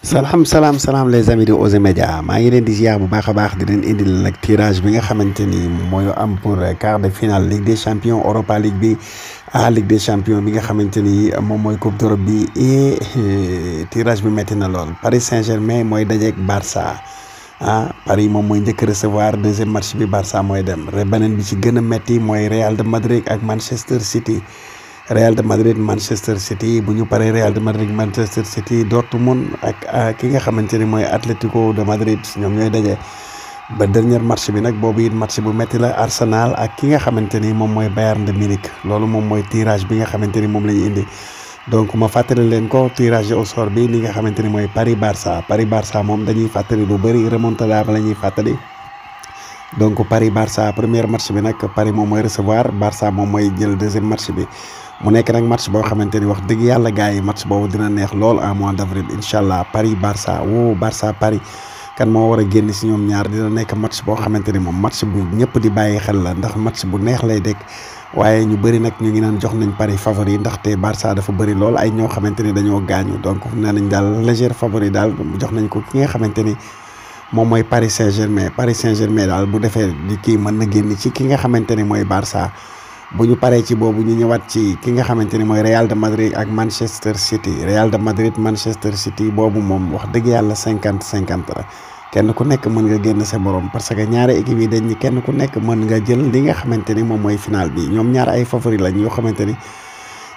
salaam salaam salaam les amis de Oser Média maa ngi leen di ziar bu baax a baax di leen indil nag tirage bi nga xamante ni mooy am pour quart de finale Ligue des bi ah Ligue des champions nga xamante ni moom mooy Coupe d'Europe bi et tirage bi métti na lool Paris Saint-Germain mooy dajeek Barça ah Paris moom mooy njëkk recevoir deuxième match bi Barça mooy dem beneen bi ci gën a métti mooy Real de Madrid ak Manchester City. Real de Madrid Manchester City bu ñu Real de Madrid Manchester City Dortmund ak ki nga xamanteni moy Atletico de Madrid ñom ñoy dajé ba dernier match bi nak bobu it match bu metti la Arsenal ak ki nga xamanteni mom moy Bayern de Munich lolu mom moy tirage bi nga xamanteni mom lañu indi. donc ma fatale len ko tirage au sort bi li nga xamanteni ni Paris Barça Paris Barça mom dañuy fatali lu bari remontada lañuy fatali donc Paris Barça premier match bi nag Paris moom mooy recevoir Barça moom mooy jël deuxième match bi mu nekk nag match boo xamante ni wax dëgg yàlla gars yi match boobu dina neex lool en mois d' avril incha allah Paris Barça woo Barça Paris kan moo war a génn si ñoom ñaar dina nekk match boo xamante ni moom match bu ñëpp di bàyyi xel la ndax match bu neex lay dekk waaye ñu bëri nag ñu ngi naan jox nañ Paris favori ndaxte Barça dafa bëri lool ay ñoo xamante ni dañoo gaañu donc nee nañ daal légère favori daal jox nañ ko ki nga xamante ni. moom mooy Paris Saint-Germain Paris Saint-Germain daal bu defee di kii mën na génn ci ki nga xamante ne mooy Barça bu ñu paree ci boobu ñu ñëwaat ci ki nga xamante ne mooy Real de Madrid ak Manchester City Real de Madrid Manchester City boobu moom wax dëgg yàlla cinquante cinquante la kenn ku nekk mën nga génn sa borom parce que ñaari équipe yi dañ ni kenn ku nekk mën nga jël li nga xamante ni moom mooy final bi ñoom ñaar ay favori la ñoo xamante ni.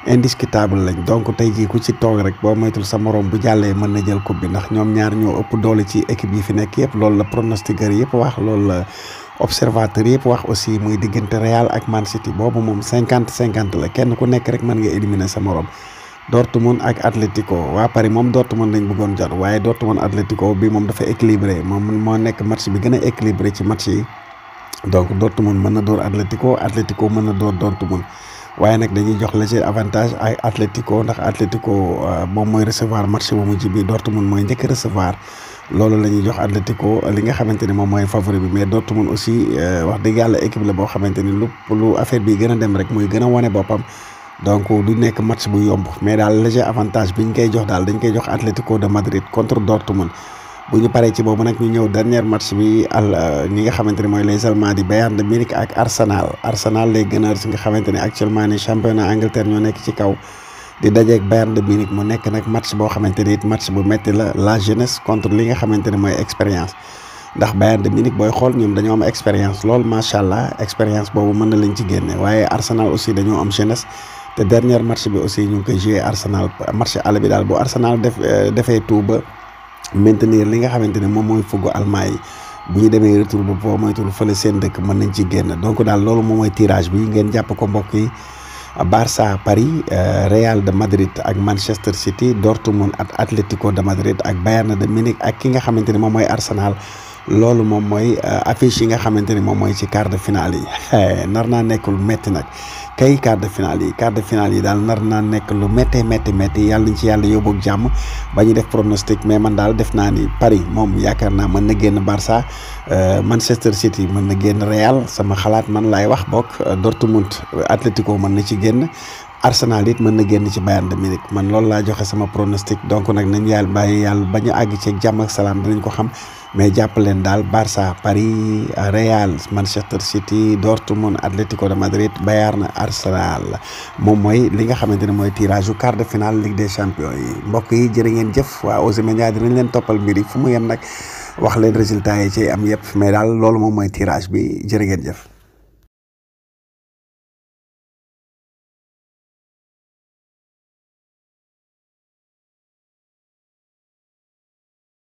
indiscutable lañ donc tey jii ko ci toog rek boo moytul sa morom bu jàllee mën na jël coupe bi ndax ñoom ñaar ñoo ëpp doole ci équipe yi fi nekk yëpp loolu la pronostiqueur yëpp wax loolu la observateur yëpp wax aussi muy diggante Real ak Man City boobu moom cinquante cinquante la kenn ku nekk rek mën nga éliminer sa morom. Dortmund ak Atlético waa pare moom Dortmund lañ bëggoon jot waaye Dortmund Atlético bi moom dafa équilibré moom moo nekk match bi gën a équilibré ci match yi donc Dortmund mën na door Atlético Atlético mën na door Dortmund. waaye nag dañuy jox léger avantage ay Atlético ndax Atlético euh, moom mooy recevoir match bu mujj bi Dortmund mooy njëkk recevoir loolu la ñuy jox Atlético li nga xamante ni moom mooy favori bi mais Dortmund aussi euh, wax dëgg yàlla équipe la boo xamante ni lu lu affaire bi gën a dem rek muy gëna a wane boppam donc du nekk match bu yomb mais daal léger avantage bi ñu koy jox daal dañ koy jox Atlético de Madrid contre Dortmund bu ñu paree ci bobu nak ñu ñëw dernier match bi al euh, ñi nga xamanteni moy les Allemands di Bayern de Munich ak Arsenal Arsenal les Gunners nga xamanteni actuellement ni championnat Angleterre ñoo nekk ci kaw di ak Bayern de Munich mu nekk nak match bo xamanteni it match bu metti la la jeunesse contre li nga xamanteni moy expérience ndax Bayern de Munich boy xol ñom dañu am expérience lool macha allah expérience boobu mën lañ ci génné waaye Arsenal aussi dañu am jeunesse te dernier match bi aussi ñu ko koy Arsenal match àll bi dal bu Arsenal def euh, defee tout ba maintenir li nga xamante ne moom mooy fuggu almaa yi bu ñu demee retour bu boo moytul fële seen dëkk mën nañ ci génn donc daal loolu moom mooy tirage bi ngeen jàpp ko mbokk yi Barça Paris euh, Real de Madrid ak Manchester City Dortmund ak Atlético de Madrid ak Bayern de Munich ak ki nga xamante ne moom mooy Arsenal loolu moom mooy euh, affiche yi nga xamante ne moom mooy ci quart de finale yi nar naa nekkul metti nag. tey quart de finale yi quart de finale yi daal nar naa nekk lu méttee métti métti yàlla nañ ci yàlla yóbbu ak jàmm ba ñu def pronostic mais man daal def naa ni Paris moom yaakaar naa mën na génn Barça euh, Manchester City mën na génn Real sama xalaat man laay wax bokk euh, Dortmund euh, Atlético mën na ci génn. Arsenal it mën na génn ci Bayern de Munich man loolu laa joxe sama pronostic donc nag nañ yàlla bàyyi yàlla ba ñu àgg ci jàmm ak salaam dinañ ko xam. mais jàpp leen barça paris real manchester city dortmund atlético de madrid bayern arsenal mom moy li nga xamanteni moy tirage du quart de finale ligue des champions yi mbok yi jere ngeen jëf waa Osemedia dinañ leen toppal mbir yi fu mu yem nak wax leen resultat yi ci am yëpp mais dal loolu mom moy tirage bi jere ngeen jëf